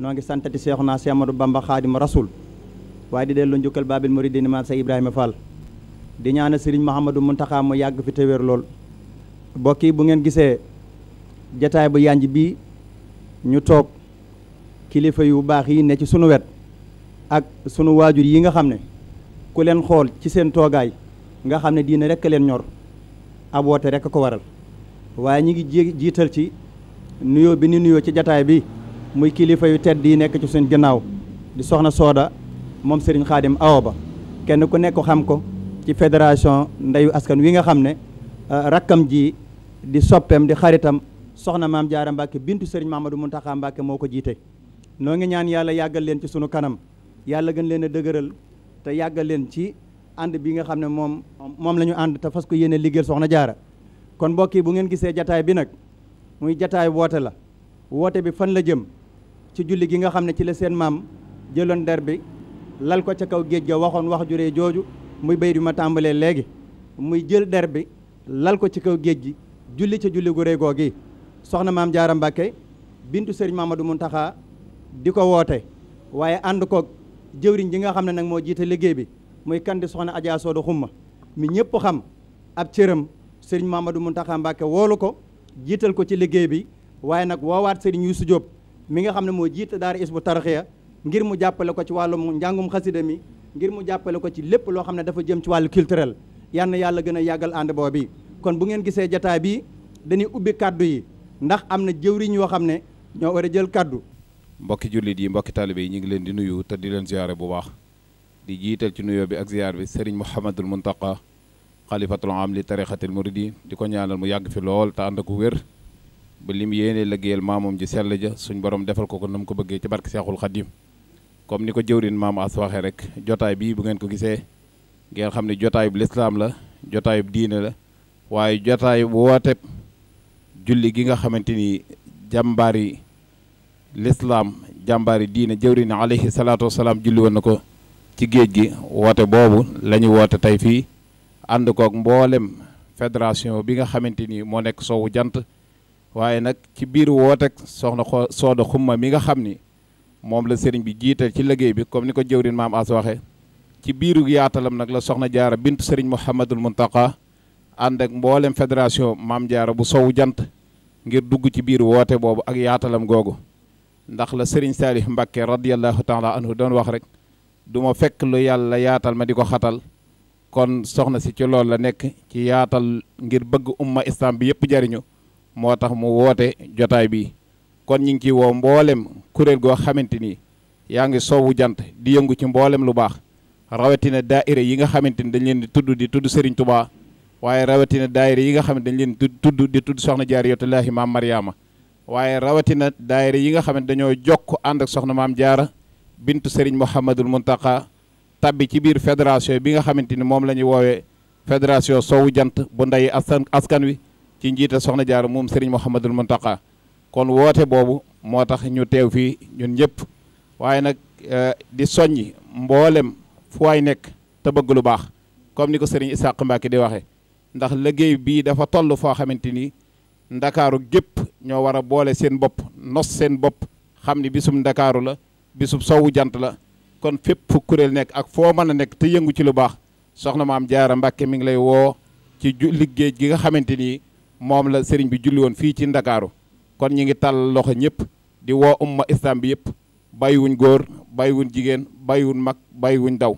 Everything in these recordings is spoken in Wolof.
noo ngi santati Seexuna Seex Ahmadu Bamba Xaadimu Rasuul waaye di delloo njukkal Baabil Muridiin maam Seex Ibrahima Fall di ñaanal Sëriñ Mouhamadou Mountakha mu yàgg fi te wér lool mbokk yi bu ngeen gisee jataay bu yànj bii ñu toog kilifa yu baax yi ne ci sunu wet ak sunu waajur yi nga xam ne ku leen xool ci seen toogaay nga xam ne diine rek leen ñor ab woote rek ko waral waaye ñi ngi jiital ci nuyoo bi ni nuyoo ci jataay bi muy kilifa yu tedd yi nekk ci suñ ginnaaw di soxna Sooda moom Serigne Khadim Awa Ba kenn ku nekk xam ko ci fédération ndeyu askan wi nga xam ne euh, rakkam ji di soppeem di xaritam soxna maam Jaara Mbàkke bintu Serigne Mamadou Muntaxa Mbàkke moo ko jiite noo ngi ñaan yàlla yàggal leen ci sunu kanam yàlla gën leen a dëgëral te yàggal leen ci ànd bi nga xam ne moom moom la ñu ànd te fas ko yéene liggéey soxna jaara kon mbokk bu ngeen gisee jataay bi nag muy jataay woote la woote bi fan la jëm ci julli gi nga xam ne ci la seen maam jëloon der bi lal ko ca kaw géej ga waxoon wax jure jooju muy bay bi ma tàmbalee léegi muy jël der bi lal ko ci kaw géej gi julli ca julli gu rëy gi soxna maam jaara Mbàkke bintu sëriñ mun taxaa di ko woote waaye ànd ko jëwriñ ji nga xam ne nag moo jiite liggéey bi muy kan di soxna Adja Soodu Xumma mi ñëpp xam ab cëram sëriñ Mamadou Muntaxa Mbàkke woolu ko jiital ko ci liggéey bi waaye nag woowaat sëriñ Yuusu Jóob mi nga xam ne moo jiite daara Hizbut Tarqiyyah ngir mu jàppale ko ci wàllum njàngum xasida mi ngir mu jàppale ko ci lépp loo xam ne dafa jëm ci wàllu culturel yal yàlla gën a yàggal ànd boo bi kon bu ngeen gisee jataay bi dañuy ubbi kàddu yi ndax am na jëwriñ yoo xam ne ñoo war a jël kàddu mbokki jullit yi mbokki taalibe yi ñu ngi leen di nuyu te di leen ziyaare bu waax di jiital ci nuyoo bi ak ziyaar bi sëriñ Mouhamadul Muntaqa xalifatul am li tarixatil muridi di ko ñaanal mu yàgg fi lool te ànd ak wér ba lim yéene liggéeyal maamam ji sell ja suñ borom defal ko ko na mu ko bëggee ci barke Seexul Xadim comme ni ko jëwrin maam as waxee rek jotaay bii bu ngeen ko gisee ngeen xam ne jotaayub lislaam la jotaayub diine la waaye jotaayub wooteb julli gi nga xamante ni jàmbaari lislaam jàmbaari diine jëwrin alayhi salaatu wasalaam julli woon na ko ci géej gi woote boobu lañuy ñu woote tey fii ànd koog mboolem fédération bi nga xamante ni moo nekk soow jant waaye nag ci biiru wooteeg soxna Sooda Xumma mi nga xam ni moom la sëriñ bi jiital ci liggéey bi comme ni ko jëwrin maam as waxe ci biiru yaatalam nag la soxna jaara bintu sëriñ Mouhamadul Muntaqa ànd ak mboolem fédération maam jaara bu sow jant ngir dugg ci biir woote boobu ak yaatalam googu ndax la sëriñ Saalih Mbàkke radiyallahu taala anhu doon wax rek du ma fekk lu yàlla yaatal ma di ko xatal kon soxna si ci loolu la nekk ci yaatal ngir bëgg umma bi yëpp jariñu moo tax mu woote jotaay bi kon ñu ngi ciy woo mboolem kuréel goo xamante ni yaa ngi soowu jant di yëngu ci mboolem lu baax rawatina daaira yi nga xamante ni dañ leen di tudd di tudd Serigne Touba waaye rawatina daaira yi nga xam ne dañ leen di tudd di tudd soxna Jaaratullaahi maam Mariama waaye rawatina daayira yi nga xam ne dañoo jokk ànd ak soxna maam jaara bintu Serigne Mouhamadul Muntaka tabbi ci biir fédération bi nga xamante ni moom la ñuy woowee fédération soowu jant bu nday askan askan wi ci njiita soxna jaar moom Serigne Mouhamadul Mountakha kon woote boobu moo tax ñu teew fii ñun ñëpp waaye nag eh, di soññ mboolem fu waay nekk te bëgg lu baax comme ni ko Serigne Issakha Mbacke di waxee ndax liggéey bii dafa toll foo xamante ni ndakaaru gépp ñoo war a boole seen bopp nos seen bopp xam ni bisum ndakaaru la bisum sowu jant la kon fépp kuréel nekk ak foo mën a nekk te yëngu ci lu baax soxna maam jaara Mbacke mi ngi lay woo ci liggéey gi nga xamante ni. moom la sëriñ bi julli woon fii ci ndakaaru kon ñi ngi tàll loxo ñëpp di woo umma islam bi yëpp bàyyiwuñ góor bàyyiwuñ jigéen bàyyiwuñ mag bàyyiwuñ daw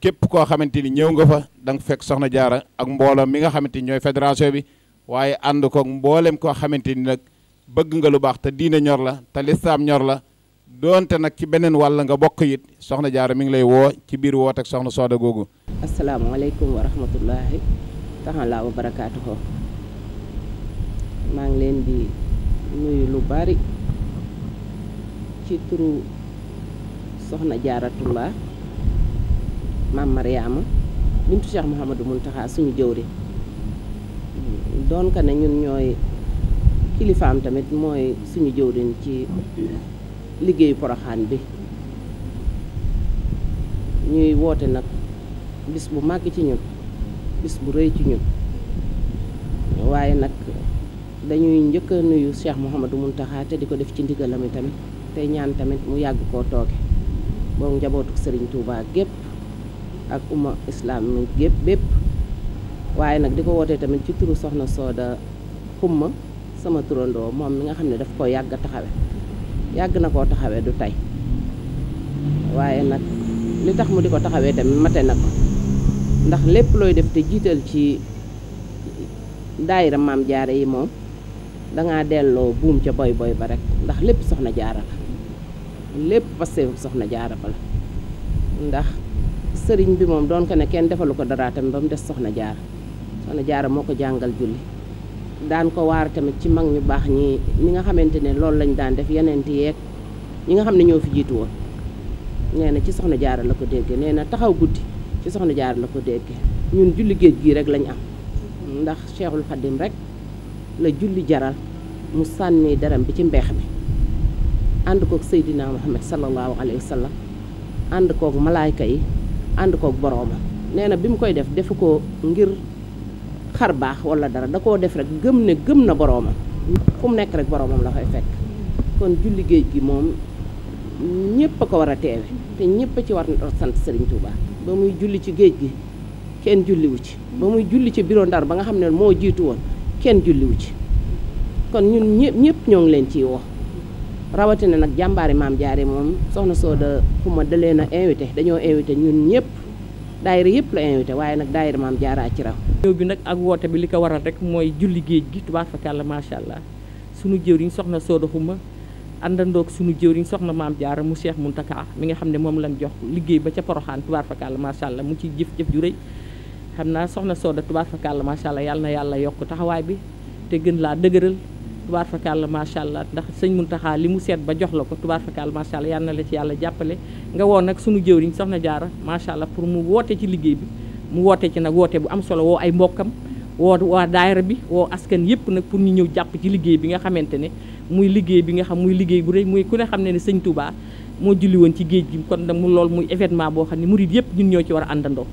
képp koo xamante ni ñëw nga fa da fekk soxna jaara ak mbooloo mi nga xamante ni ñooy fédération bi waaye ànd ko mbooleem koo xamante ni nag bëgg nga lu baax te diine ñor la te lislaam ñor la doonte nag ci beneen wàll nga bokk it soxna jaara mi ngi lay woo ci biir woote soxna sooda googu asalaamaaleykum wa rahmatullahi maa ngi leen di nuyu lu bari ci turu soxna jaaratullah maam mariama bintu cheikh mouhamadou muntaxa suñu jëwri doon ka ne ñun ñooy kilifaam tamit mooy suñu jëwrin ci liggéeyu poroxaan bi ñuy woote nag bis bu màgg ci ñun bis bu rëy ci ñun waaye nag dañuy njëkk a nuyu Cheikh Mouhamadou Mountakha te di ko def ci ndigalam tamit tey ñaan tamit mu yàgg koo tooge boog njabootu sëriñ Touba gépp ak umma islam gépp bépp waaye nag di ko wootee tamit ci turu soxna Sooda xumma sama turandoo moom mi nga xam ne daf ko yàgg a taxawe yàgg na koo taxawe du tey waaye nag li tax mu di ko taxawee tamit mate na ko ndax lépp looy def te jiital ci daayira maam jaare yi moom dangaa delloo buum ca boy boy ba rek ndax lépp soxna jaara la lépp parce que soxna jaara ba la ndax sëriñ bi moom doon ko ne kenn defalu ko dara tamit ba mu des soxna jaara jaara moo ko jàngal julli daan ko waar tamit ci mag ñu baax ñi ñi nga xamante ne loolu lañ daan def yeneen ti yeeg ñi nga xam ne ñoo fi jiitu woon nee na ci soxna jaara la ko déggee nee na taxaw guddi ci soxna jaara la ko dégge ñun julli géej gii rek lañ am ndax Cheikhul Khadim rek la julli jaral mu sànni daram bi ci mbeex bi ànd kook Seydina Muhammad sallallahu alayhi wa sallam ànd kook malaayka yi ànd kook borooma nee na bi mu koy def defu ko ngir xar baax wala dara da koo def rek gëm ne gëm na boroomam fu mu nekk rek boroomam la koy fekk kon julli géej gi moom ñëpp a ko war a teewe te ñëpp a ci war a sant Serigne Touba ba muy julli ci géej gi kenn julliwu ci ba muy julli ci biro Ndar ba nga xam ne moo jiitu woon kenn julliwu ci kon ñun ñëpp ñëpp ñoo ngi leen ciy woo rawatina nag jàmbaari maam jaare moom soxna Sooda xuma da leen a invité dañoo invité ñun ñëpp daayira yëpp la invité waaye nag daayira maam jaaraa ci raw nag ak woote bi li ko waral rek mooy julli géej gi tubaab fakàlla macha allah sunu jëwriñ soxna Sooda xuma àndandoog sunu jëwriñ soxna maam jaar mu Cheikh Muntaka mi nga xam ne moom lañ jox liggéey ba ca Poroxaan tubaab fakàlla macha allah mu ci jëf jëf ju rëy xam naa soxna Soda tubaar fakàlla macha allah yàlla na yàlla yokk taxawaay bi te gën laa dëgëral tubaar fakàlla macha allah ndax sëñ taxaa li mu seet ba jox la ko tubaar fakàlla macha allah yàlla na la ci yàlla jàppale nga woon nag sunu jëwriñ soxna jaara macha allah pour mu woote ci liggéey bi mu woote ci nag woote bu am solo woo ay mbokkam woo waa daayira bi woo askan yëpp nag pour ñu ñëw jàpp ci liggéey bi nga xamante ne muy liggéey bi nga xam muy liggéey bu rey muy ku ne xam ne ne sëñ Touba moo julli woon ci géej gi kon nag mu lool muy événement boo xam ne murid yëpp ñun ñoo ci war a àndandoo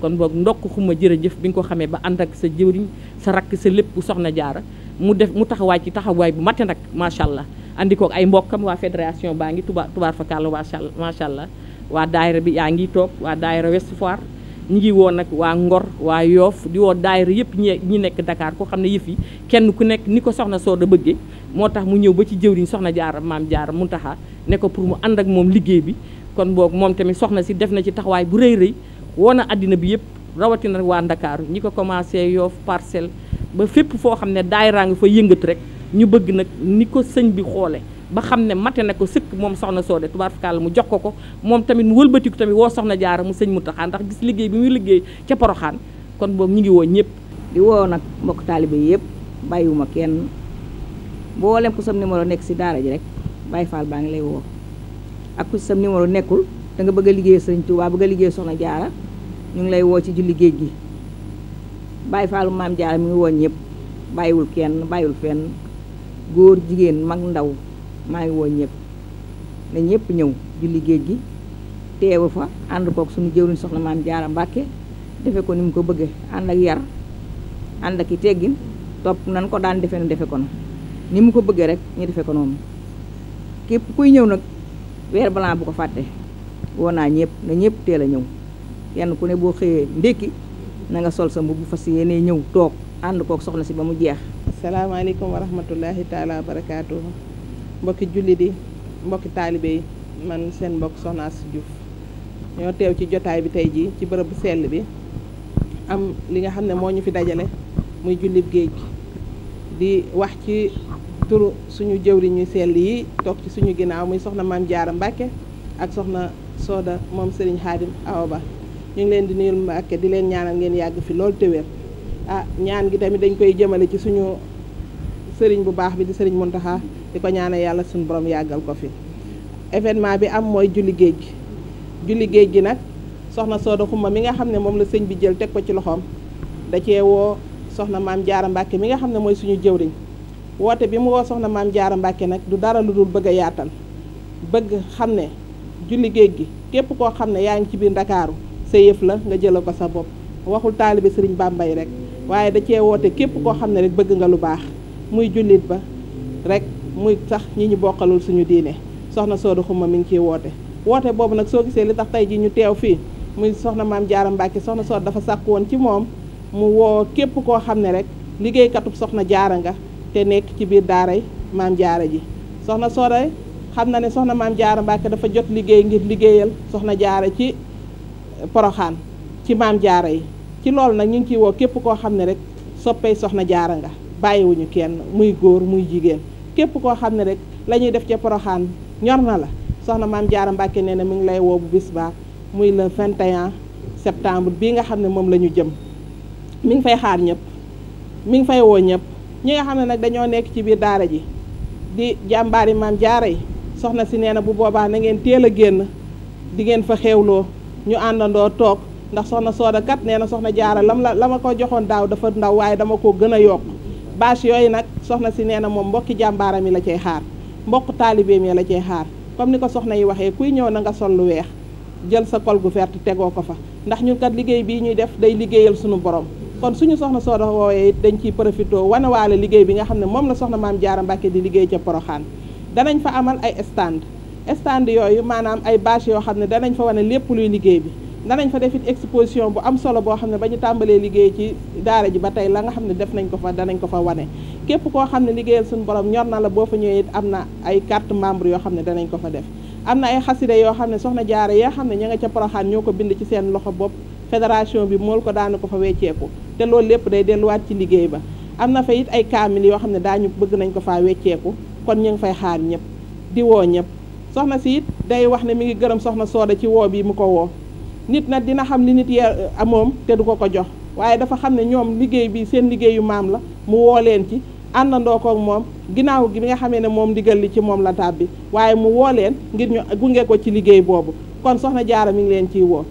kon boog ndokk xuma jërëjëf bi nga ko xamee ba ànd ak sa jëwriñ sa rakk sa lépp bu soxna jaara mu def mu taxawaay ci taxawaay bu matte nag macha allah andi koog ay mbokkam waa fédération baa ngi tuba tubaar fakàlla macha allah waa daayira bi yaa ngi toog waa daayira West Foire ñu ngi woon nag waa Ngor waa Yoof di woo daayira yëpp ñi nekk Dakar koo xam ne yëf yi kenn ku nekk ni ko soxna Sooda bëggee moo tax mu ñëw ba ci jëwriñ soxna jaara maam jaara mu taxaa ne ko pour mu ànd ak moom liggéey bi kon boog moom tamit soxna si def na ci taxawaay bu rëy rëy woo na àddina bi yëpp rawatina waa Ndakaaru ñi ko commencé Yoff Parcelles ba fépp foo xam ne raa ngi fa yëngat rek ñu bëgg nag ni ko sëñ bi xoole ba xam ne mate na ko sëkk moom soxna soo Soode tubaar fakal mu jox ko ko moom tamit wëlbatiku tamit woo soxna jaara mu sëñ mu taxaan ndax gis liggéey bi muy liggéey ca Poroxaan kon boobu ñu ngi woo ñëpp di woo nag mbokk taalibe yëpp bàyyiwuma kenn mboolem ko sam numéro nekk si daara ji rek Baye Fall baa ngi lay woo ak ku sam nekkul da nga bëgg liggéey sëñ Tuubaa bëgg a liggéey soxna jaara ñu ngi lay woo ci julli géej gi bàyyi faalu maam jaara mi ngi woo ñëpp bàyyiwul kenn bàyyiwul fenn góor jigéen mag ndaw maa ngi woo ñëpp ne ñëpp ñëw julli géej gi teewu fa ànd kook suñu jëwriñ soxna maam jaara mbàkke defe ko ni mu ko bëgge ànd ak yar ànd ak i teggin topp nan ko daan defe nu defe ko na ni mu ko bëggee rek ñu defe ko noonu képp kuy ñëw nag weer balaa bu ko fàtte woo naa ñëpp ne ñëpp teel a ñëw kenn ku ne boo xëyee ndékki na nga sol sa mbubb fas yéene ñëw toog ànd kook soxna si ba mu jeex asalaamaaleykum wa rahmatullahi taala wa barakaatuhu mbokki jullit yi mbokki taalibe man seen mbokk soxna Astou Diouf ñoo teew ci jotaay bi tey jii ci bërëb sell bi am li nga xam ne moo ñu fi dajale muy jullib géej gi di wax ci turu suñu jëwri ñuy sell yi toog ci suñu ginnaaw muy soxna maam jaara Mbàkke ak soxna sooda moom Serigne Xaadim Awa Ba ñu ngi leen di nuyul Mbàkke di leen ñaanal ngeen yàgg fi loolu te wér ah ñaan gi tamit dañ koy jëmale ci suñu sëriñ bu baax bi di sëriñ Muntaxa di ko ñaanal yàlla suñu borom yàggal ko fi événement bi am mooy julli géej gi julli géej gi nag soxna Sooda Xuma mi nga xam ne moom la sëñ bi jël teg ko ci loxoom da cee woo soxna maam Jaara Mbàkke mi nga xam ne mooy suñu jëwriñ woote bi mu woo soxna maam Jaara Mbàkke nag du dara lu dul bëgg a yaatal bëgg xam ne julli géej gi képp koo xam ne yaa ngi ci biir Ndakaaru sa yëf la nga jëla ko sa bopp waxul taalibe sëriñ mbay rek waaye da cee woote képp koo xam ne rek bëgg nga lu baax muy jullit ba rek muy sax ñi ñu bokkalul suñu diine soxna Sooda Xuma mi ngi ciy woote woote boobu nag soo gisee li tax tey ji ñu teew fii muy soxna maam Jaara Mbàkke soxna Sooda dafa sàkk woon ci moom mu woo képp koo xam ne rek liggéeykatub soxna jaara nga te nekk ci biir daaray maam jaara ji soxna Sooda xam na ne soxna maam Jaara Mbàkke dafa jot liggéey ngir liggéeyal soxna jaara ci poroxaan ci maam jaara yi ci loolu nag ñu ngi ciy woo képp koo xam ne rek soppey soxna jaara nga bàyyiwuñu kenn muy góor muy jigéen képp koo xam ne rek lañuy def ca poroxaan ñor na la soxna maam jaara Mbàkke nee na mi ngi lay woo bu bis muy le 21 septembre bii nga xam ne moom lañu jëm mi ngi fay xaar ñëpp mi ngi fay woo ñëpp ñi nga xam ne nag dañoo nekk ci biir daara ji di jàmbaari maam jaara yi soxna si nee na bu boobaa na ngeen teel a génn di ngeen fa xeewloo ñu àndandoo toog ndax soxna Sooda kat nee na soxna jaara lam la la ma ko joxoon daaw dafa ndaw waaye dama ko gën a yokk bâche yooyu nag soxna si nee na moom mbokki jàmbaaram yi la cay xaar mbokk taalibeem yi la cay comme ni ko soxna yi waxee kuy ñëw na nga sol lu weex jël sa col gu vert tegoo ko fa ndax ñun kat liggéey bii ñuy def day liggéeyal suñu borom kon suñu soxna Sooda woowee it dañ ciy profité wanewaale liggéey bi nga xam ne moom la soxna maam jaara Mbàkke di liggéey ca Poroxaan danañ fa amal ay stand stand yooyu maanaam ay bâche yoo xam ne danañ fa wane lépp luy liggéey bi danañ fa def defit exposition bu am solo boo xam ne ba ñu tàmbalee liggéey ci daara ji ba tey la nga xam ne def nañ ko fa danañ ko fa wane képp koo xam ne liggéeyal suñu borom ñor na la boo fa ñëwee it am ay carte membre yoo xam ne danañ ko fa def am na ay xasida yoo xam ne soxna jaara yoo xam ne ña nga ca poroxaan ñoo ko bind ci seen loxo bopp fédération bi mool ko daana ko fa wecceeku te loolu lépp day delluwaat ci liggéey ba am na fa it ay kaamil yoo xam ne daañu bëgg nañ ko faa wecceeku kon ñu ngi fay xaar ñëpp di woo ñëpp soxna si it day wax ne mi ngi gërëm soxna sooda ci woo bi mu ko woo nit nag dina xam li nit yee eh, amoom te du ko ko jox waaye dafa xam ne ñoom liggéey bii seen liggéeyu maam la mu woo leen ci àndandoo koog moom ginnaaw gi nga xamee ne moom ndigal li ci moom la tàbbi waaye mu woo leen ngir ñu gunge ko ci liggéey boobu kon soxna jaara mi ngi leen ciy woo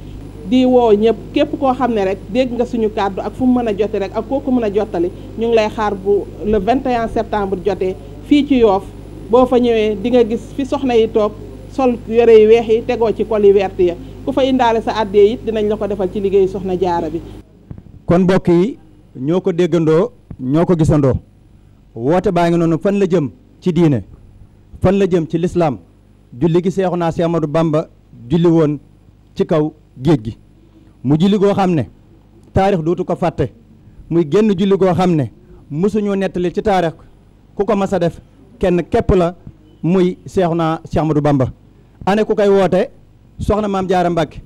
di woo ñëpp képp koo xam ne rek dégg nga suñu kàddu ak fu mu mën a jote rek ak kooku mën a jottali ñu ngi lay xaar bu le 21 septembre jotee fii ci Yoff boo fa ñëwee di nga gis fi soxna yi toog sol yore yu weex yi tegoo ci col yu vert ya ku fa indaale sa àddee it dinañ la ko defal ci liggéeyu soxna jaara bi kon mbokk yi ñoo ko déggandoo ñoo ko gisandoo woote baa ngi noonu fan la jëm ci diine fan la jëm ci lislaam julli gi seexu naa si Amadou Bamba julli woon ci kaw géej gi mu julli goo xam ne taarix dootu ko fàtte muy génn julli goo xam ne mësuñu nettali ci taarix ku ko mas a def kenn képp la muy Seexuna Seex Ahmadu Bamba ane ku koy woote soxna maam Jaara Mbàkke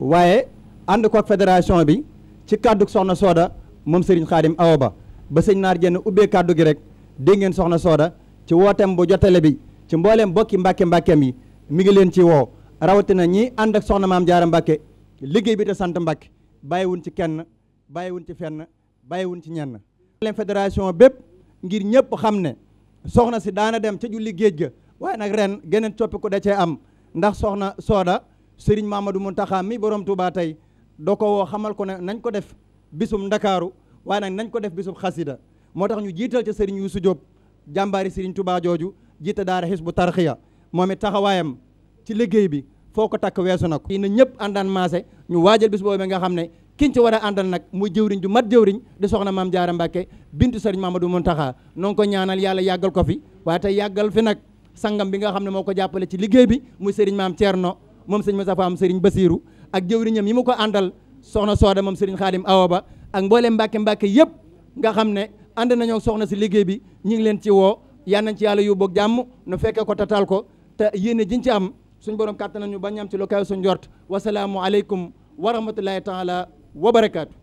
waaye ànd koog fédération bi ci kàddu soxna Sooda moom Serigne Khadim Awa Ba ba sëñ naar jenn ubbee kàddu gi rek dégg ngeen soxna Sooda ci wooteem bu jotale bi ci mbooleem bokki mbàkke mbàkkeem yi mi ngi leen ci woo rawatina ñi ànd ak soxna maam Jaara Mbàkke liggéey bi te sant Mbàkke bàyyiwun ci kenn bàyyiwun ci fenn bàyyiwun ci ñenn. mbooleem fédération bépp ngir ñëpp xam ne. soxna si daana dem ca julli géej ga waaye nag ren geneen coppi ko da cee am ndax soxna sooda Serigne Mamadou Muntaxa mi borom tubaa tey doo ko woo xamal ko na nañ ko def bisum ndakaaru waaye nag nañ ko def bisum xasida moo tax ñu jiital ca Serigne Youssou Diop jàmbaari Serigne Touba jooju jiite daara xis bu tarxiya moom it taxawaayam ci liggéey bi foo ko takk weesu na ko. na ñëpp àndaan maase ñu waajal bis boobu nga xam ne. kiñ ci war a àndal nag muy jëwriñ ju mat jëwriñ di soxna maam jaara Mbàkke bintu sëriñ Mamadou Muntaxa noo ngi ko ñaanal yàlla yàggal ko fi waaye tey yàggal fi nag sangam bi nga xam ne moo ko jàppale ci liggéey bi muy sëriñ maam Thierno moom sëriñ Moustapha am sëriñ Basiiru ak jëwriñam yi mu ko àndal soxna Sooda moom sëriñ Xaadim Awa Ba ak mbooleem Mbàkke Mbàkke yëpp nga xam ne ànd nañoo soxna si liggéey bi ñu ngi leen ci woo yal nañ ci yàlla yóbbu ak jàmm nu fekkee ko tatal ko te yéene jiñ ci am suñ borom kàttan nañu ba ñam ci lu kaw suñ jort wasalaamu aleykum wa rahmatullahi taala wa barakaatu